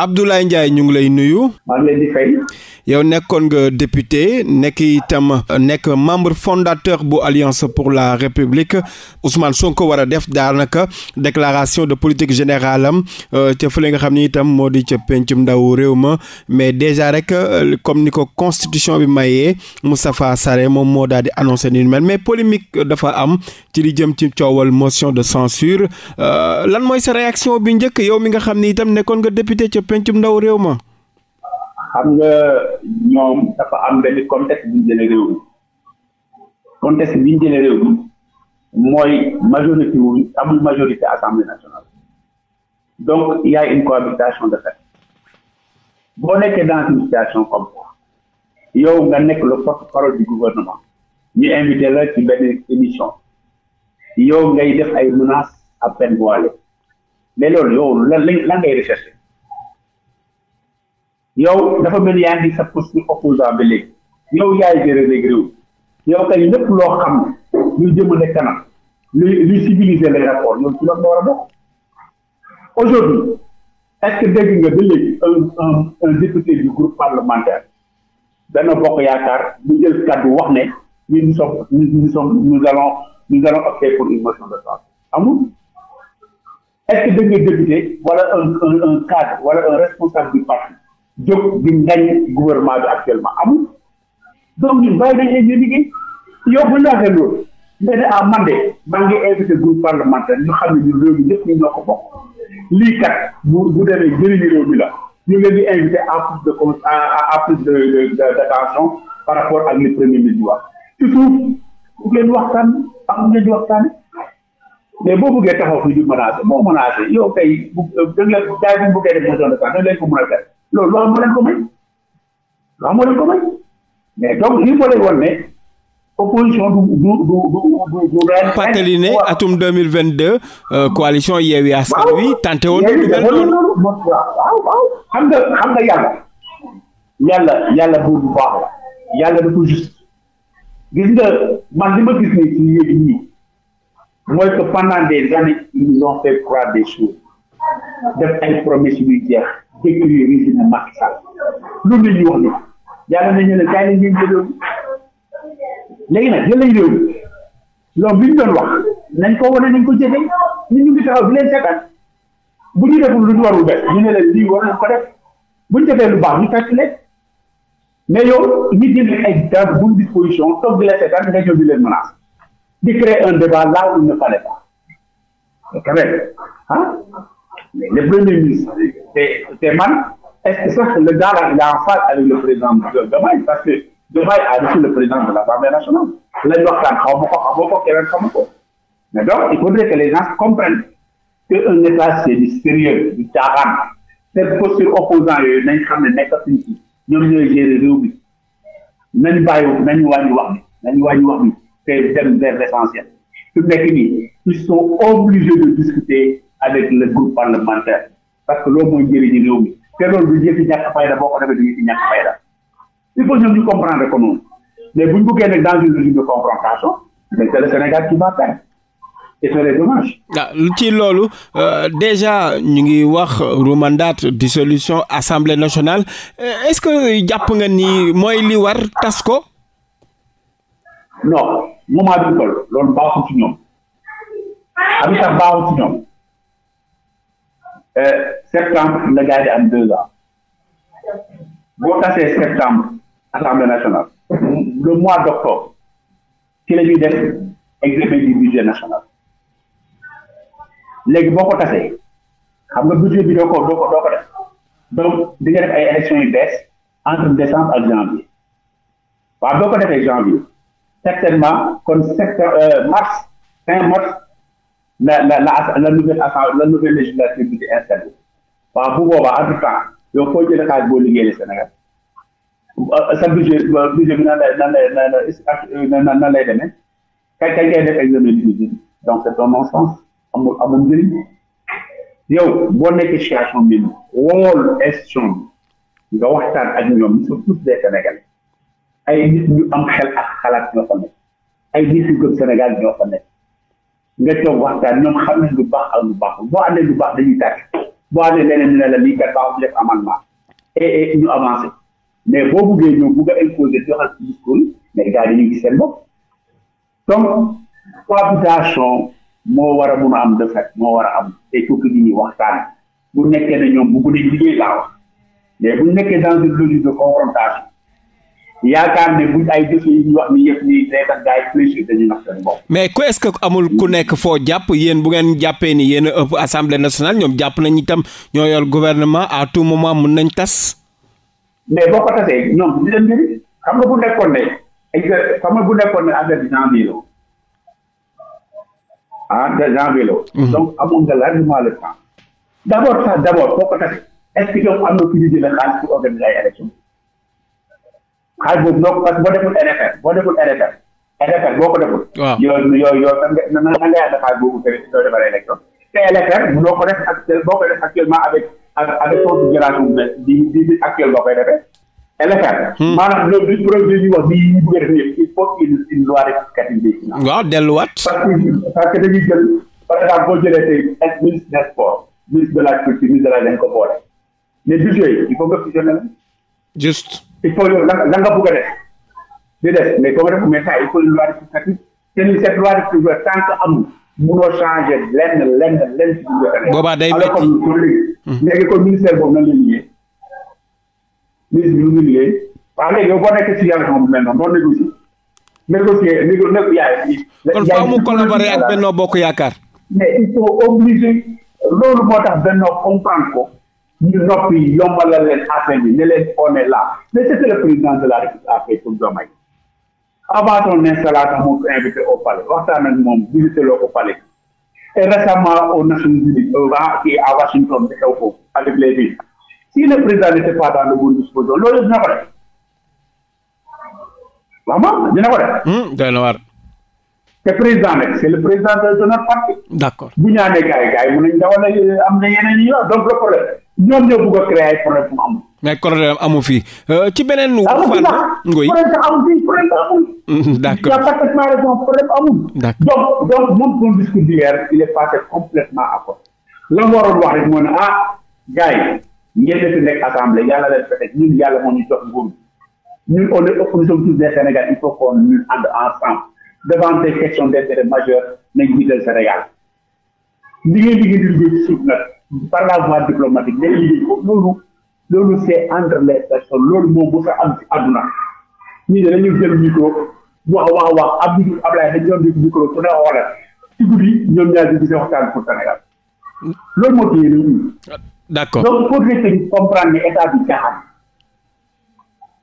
Abdoulaye Ndiaye ñu ngi lay nuyu. yow nekkoon nga député nekk itam nekk membre fondateur bu Alliance pour la République Ousmane Sonko war a def daanaka déclaration de politique générale am euh, ca fële nga xam ni itam moo di ca pencum ndaw réew ma mais déjà rek euh, comme ni ko constitution bi mayee Moustapha Sarré moom moo daal di annoncé ni mel mais polémique dafa am ci li jëm ci coowal motion de censure euh, lan mooy sa réaction bi njëkk yow mi nga xam ni itam nekkoon pencum ndaw réew ma. xam nga ñoom dafa am benn contexte bi ñu bi ñu jëlee réew mi mooy majorité wu amul majorité assemblée nationale donc il y a une cohabitation de fait boo nekkee dans une situation comme ça yow nga nekk le porte-parole du gouvernement ñu invité la ci benn émission yow ngay def ay menaces à peine voilées mais loolu yow lan la ngay recherché. yow dafa mel yaa ngi sa poste opposant bi léegi yow yaay gérer léegi yow kay lépp loo xam ne luy jëmale kanam luy luy civiliser les rapports yow ci la war a bokk aujourd'hui est-ce que dégg nga ba léegi un un député du groupe parlementaire Benno Bokk Yaakaar mu jël kàddu wax ne ñun nous sommes nous sommes nous allons nous allons pour une motion de censure amul est-ce que dégg député wala un un un cadre wala un responsable du parti jóg gi ngañ gouvernement bi actuellement amul donc ñun bàyyi dañu ñu liggéey yow bu ñu waxee loolu nga ne ah man de maa ngi invité groupe parlementaire ñu xam ne ñun réew mi ñëpp ñu ñoo ko bokk lii kat bu bu demee njëriñu réew mi la ñu ngi leen di invité à plus de con à plus de d' attention par rapport ak li premier ministre wax surtout bu leen waxtaan am ngeen di waxtaan mais boo bëggee taxaw fi di menacé moo menacé yow kay bu euh, da nga leen jaay bu bëggee de censure a loolu loo moo leen ko may loo mais donc lii moo lay wan ne opposition du du du du du du. fàttali ne atum deux mille vingt deux euh, coalition Yewwi Askan Wi tenté woon du mel noonu waaw waaw xam nga xam nga yàlla yàlla yàlla baax la yàlla dafa juste gis nga man ma gis ne ci yéeg ñii mooy que pendant des années ils ont fait croire des choses def ay promesses yuy jeex. décrire régime Macky Sall loolu la ñuy wax ni yàlla nañu ne kaay la ngeen jëloon léegi nag jëlee réew loolu bi ñu doon wax nañ ko wane nañ ko jëfee nit ñu ngi taxaw di leen seetaan bu ñu deful lu ñu warul def ñu ne leen lii war nañ ko def bu ñu defee lu baax ñu fekk leen mais yow ñu jël ay dans bonne disposition toog di leen seetaan nga ñëw di leen menace di créer un débat là où il ne fallait pas c'est vrai ah. le premier ministre te man est-ce que sax le gars là il est en phase avec le président Diomaye parce que Diomaye a reçu le président de l'Assemblée nationale lañ waxtaan xaw ma ko xaw ma ko keneen xamu ko mais donc il faudrait que les gens comprennent que un état c'est du sérieux du caaxaan cette posture opposant yooyu nañ xam ne nekkatuñ ci ñoom ñooy gérer réew bi nañ bàyyi nañu wàññi wax bi nañu wàññi wax bi ils sont obligés avec le groupe parlementaire parce que loolu mooy njëriñu réew mi te loolu du yëfi ñàkk fayda boo ko defee du yëfi ñàkk fayda il faut ñoom ñu comprendre ko noonu mais bu ñu bëggee nekk dans une logique de confrontation mais Sénégal qui va perdre ah, ci loolu euh, déjà ñu ngi wax remandat dissolution assemblée nationale euh, est-ce que jàpp nga nii mooy li war tas ko. non moment bi ñu loolu baaxul ci ñoom am sax baaxul ci ñoom. septembre la gars am deux ans boo tasee septembre assemblée nationale le mois d'octobre ci la ñuy def examen du budget national léegi boo ko tasee xam nga budget bi doo ko doo ko doo ko def donc di nga def ay élections yu bees entre décembre ak janvier waaw boo ko defee janvier certainement kon secteur euh, mars fin mars la la nouvelle assemblée bi di installé waaw bu boobaa en tout cas yow foo jëlee xaalis boo liggéeyee Sénégal euh, sa budget euh, budget bi nan lay nan lay nan euh, nan nan lay demee kañ examen bi bi donc c'est un non amul amul njëriñ yow boo nekkee situation bi wool institution bi nga waxtaan ak ñoom surtout des Sénégalais ay nit ñu am xel ak xalaat ñoo fa nekk ay nit yu gëm Sénégal ñoo fa nekk. nga toog waxtaan ñoom xam nañ lu baax ak lu baax boo àndee lu baax dañuy tàkk boo àndee leneen ñu ne la lii kat baaxul def amendement et eh, et eh, ñu avancé mais boo buggee ñëw bugg a imposer joxal ci discours yi mais gars yi dañuy gis seen bopp donc cohabitation moo war a bu a am de moo war a am il faut que nit ñi waxtaan bu nekkee ne ñoom bugg nañ liggéey laa wax mais bu nekkee dans une logique de confrontation yaakaar ne buñ ay jëf mais ku est que amul ku nekk foo jàpp yéen bu ngeen jàppee ni yéen a ëpp assemblée nationale ñoom jàpp nañ itam ñoo yor gouvernement à tout moment mun nañ tas. mais boo ko tasee ñoom di leen njëriñ xam nga bu nekkoon ne ay nga bu nekkoon ne affaire bi janvier la ah janvier la. Mhm. donc amoon nga largement le temps. d'abord sax d'abord boo ko tasee est-ce que ñoom am na fu ñu jëlee xaalis xaalis boobu doo parce que boo deful RFR boo deful RFR RFR boo ko deful. waaw yooyu yooyu yow nan nga nan nga yaakaar xaalis boobu tamit doo defar élection te RFR doo ko def ak boo ko def actuellement avec avec configuration bi bi bi actuelle boo koy defee. LFR. Hmm. maanaam loolu du projet yi wax bii ñu bëgg a def yëpp il faut une une loi rectificative des finances. waaw delluwaat. parce que parce que dañuy jël par exemple boo jëlee tey ministre des sports ministre de la culture ministre de la dañ ko boole mais budget yi il faut nga fusionner la. juste. il faut yow lan nga bëgg a def di def mais comme def mais ça il faut une loi rectificative te ni cette loi rectificative tant que amul mënoo changé lenn lenn lenn si biir. boobaa day métti alors comme léegi. léegi comme ministère boobu nan la liggéey ministre mu ngi liggéey waaw léegi boo nekkee si yàlla bu mel noonu boo négocier négocier négocier yaay. kon faaw Bokk Yaakaar. loolu moo tax Benno comprendre ko. ñu noppi yombalal leen affaire bi ne leen on est là mais c'est le président de la République après pour Diomaye avant son installation moo ko invité au palais waxtaan ak moom visité loo ko palais et récemment aux Nations Unies kii à Washington di xew foofu avec les villes si le président n'était pas dans de bonnes dispositions loolu dina ko def vraiment dina ko def. Hmm, doy na waar. te président nag c'est le président de notre parti. d'accord bu ñaanee gars yi gars yi mun nañu dawal am na yeneen yi donc ñoom ñoo bëgg a créer ay problème fu mu amul. mais problème amu fi euh, ci beneen. amu fi oui problème amu fi problème amul. Mm-hmm, d' accord tu as parfaitement raison problème amul. d' accord donc donc moom son discours d'hier il est passé complètement à la mu waroon wax rek moo ne ah gars yi ngeen def nekk assemblée yàlla leen fekk ñun yàlla moo ñu jox nguur ñun on est nous sommes tous des Sénégal il faut qu'on nous ànd ensemble devant des questions d'intérêt majeur nañ jiital Sénégal liggéey liggéey di liggéey par la voie diplomatique day liggéey loolu loolu c'est entre les personnes loolu moo bu fa am ci àdduna ñii de dañu wax wax wax Abdou Ablaye dañu doon dégg micro ku ne xoolal ci guddi ñoom ñaar di gisee waxtaan pour Sénégal loolu moo téye nit donc faut que ñu comprendre état bi jaaxal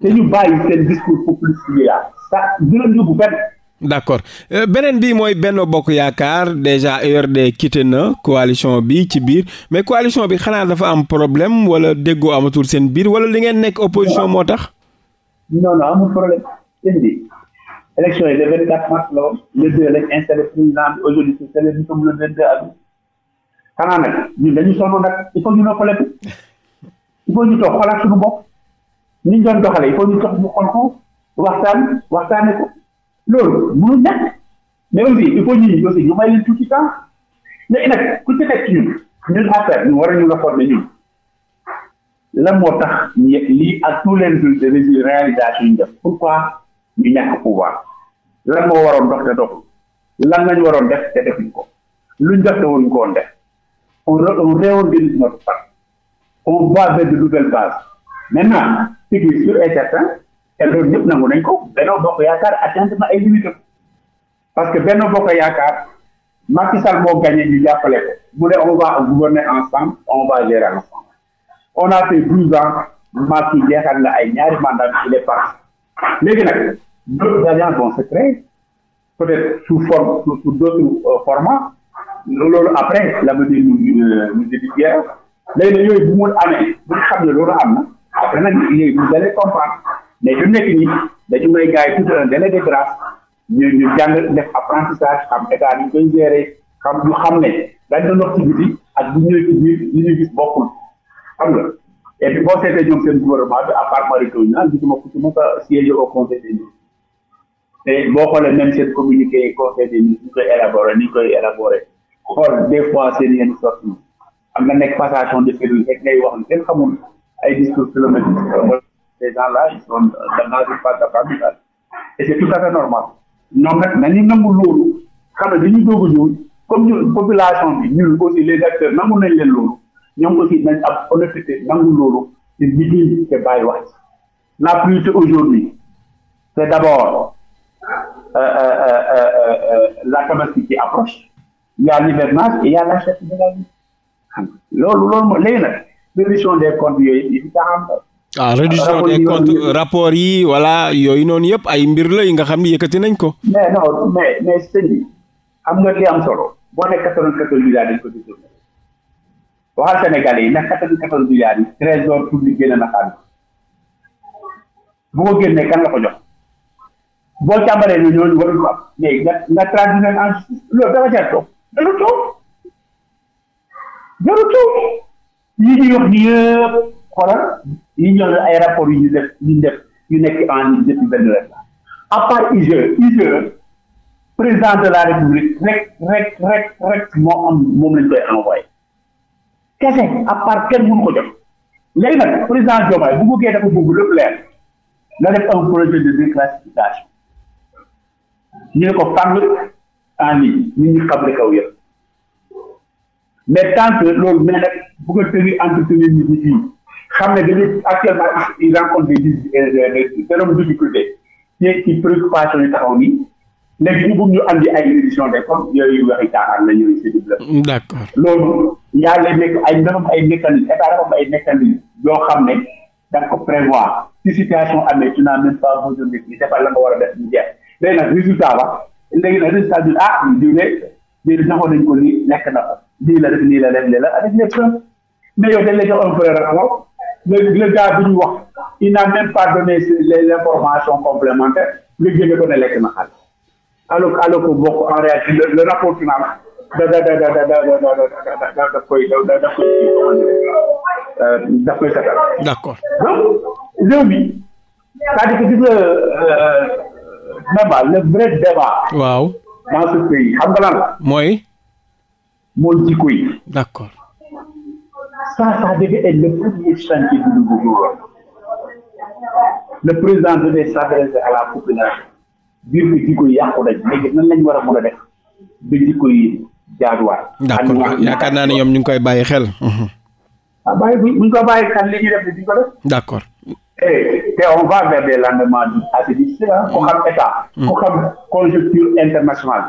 te ñu bàyyi seen discours populiste yi ça dina yóbbu benn. d' accord euh, beneen bi mooy benn Bokk Yaakaar déjà URD e quitté na coalition bi ci biir mais coalition bi xanaa dafa am problème wala déggoo amatul seen biir wala li ngeen nekk opposition moo tax. non non amul problème yi le 24 mars la xanaa nag ñun dañu sonn nag il faut ñu noppale ko il faut ñu toog xoolaat suñu bopp ni ñu doon doxalee il faut ñu toog mu xool ko waxtaan waxtaanee ko. loolu mënul nekk mais aussi il faut ñun aussi ñu may leen tuuti temps léegi nag ku ci ñun ñun affaire ñu war a ñu la former ñun lan moo tax lii ak tous les réalisations ñu def pourquoi ñu ñàkk pouvoir lan moo waroon dox te doxul lan lañ waroon def te defuñ ko lu def te waruñ ko woon def on on réorganise notre part on va vers de nouvelles bases maintenant ce qui est sûr et te loolu ñëpp nangu nañ ko Benno Yaakaar atteindre na ay limites parce que Benno Bokk Yaakaar Macky Sall moo gagné ñu jàppale ko mu ne on va gouverner ensemble on va gérer ensemble on a fait douze ans Macky jeexal na ay ñaari mandat il est parti léegi nag d'autres alliances vont se créer peut-être sous forme sous d'autres euh, formats loolu après la ma déglu ñu déglu Guèye léegi nag yooyu bu mu amee bu am na après nag yooyu vous allez comprendre. mais fi mu nekk nii dañu may gars yi tout un délai de grâce ñu ñu jàng def apprentissage xam état ñu koy gérer xam ñu xam ne dañ doon wax ci biti ak bu ñuy biir li gis bokkul xam nga et boo seetee ñoom seen gouvernement bi à part Mary Teuw Niane gisuma ku ci mos a siégé boo xoolee même seen communiqué conseil des ministres ñu koy élaboré ni koy élaboré xool des fois seen yenn sorti am na nekk passation de service rek ngay wax ne kenn xamul ay discours philosophiques ces gens-là ils sont dans une phase d'apprentissage et c'est tout à fait normal ñoom nag nañu nangu loolu xam ne dañuy doog a ñëw comme ñu population bi ñun aussi les acteurs nangu nañ leen loolu ñoom aussi nañ ab honnêteté nangu loolu te liggéey te bàyyi wax ci la priorité aujourd'hui c'est d'abord euh, euh, euh, la tabaski qui approche il y a l'hivernage et il y a l'achat de la vie loolu loolu mooy léegi nag révision des comptes yooyu yi waa ah, reddition des comptes rapport yi voilà yooyu noonu yëpp ay mbir la yi nga xam ni yëkkati nañ ko. mais non mais mais sëñ am nga li am solo boo ne 94 milliards dañ ko détourné waxal Sénégalais yi ndax 94 milliards yi trésor public génne na xaalis bu ko génnee kan la ko jox boo càmbalee ne ñooñu warul ko am mais nga nga traduire leen en loolu dafa jar toog jarul toog jarul toog yi ñuy wax nii yëpp. xoolal ñu jox ay rapports yu ñu def yu yu nekk en ligne depuis benn weer à part IGE IGE président de la république rek rek rek rek moo am moom lañ koy envoyé kese à part kenn mënu ko de léegi nag président Diomaye bu bëggee dafa bëgg lépp leer na def un de déclassification ñu ne ko fang en ligne ñu ñu xam li kaw yëpp mais tant que loolu mais nag bu ko tëri xam ne dañuy actuellement ils rencontrent euh, des des énormes difficultés ci ci préoccupation yi taxaw nii léegi ñu bëgg ñu andi ay révision des comptes yooyu waxi caaxaan la ñuy si dimbali. d'accord loolu yàlla nekk ay ndamam ay mécanisme état dafa am ay mécanisme yoo xam ne da nga ko prévoir si situation amee tu n'as même pas besoin de ñu defal la nga war a def ñu jeex léegi nag résultat ba léegi nag résultat bi ah jiw ne jiw naxoon nañu ko nii nekk na ko lii la def nii la def nii la avec les preuves mais yow dañ la jox un vrai rapport le le gars bi ñu wax il n'a même pas donné les informations complémentaires nga jëlee ko ne lekk na xaalis alors alors que bokk en réalité le rapport final da da da da da da da da da koy da koy da koy satal. d'accord donc réew mi c'est-à-dire que gis nga le vrai débat. waaw dans ce pays la. mooy. mooy jikko d'accord. Sasa devait être le premier chantier du nouveau gouvernement. Le président devait s'adresser à la population. biir bi di ko yàqu dañ léegi nan lañ war a mën a def ba di koy jaaduwaat. d'accord yaakaar naa ne ñoom ñu ngi koy bàyyi xel. Mhm. ah bàyyi bu ñu ko bàyyi xel li ñuy def di ko def. d'accord. Eh, te on va vers des lendemains assez difficiles. ku mhm. xam état. ku mhm. xam conjoncture internationale.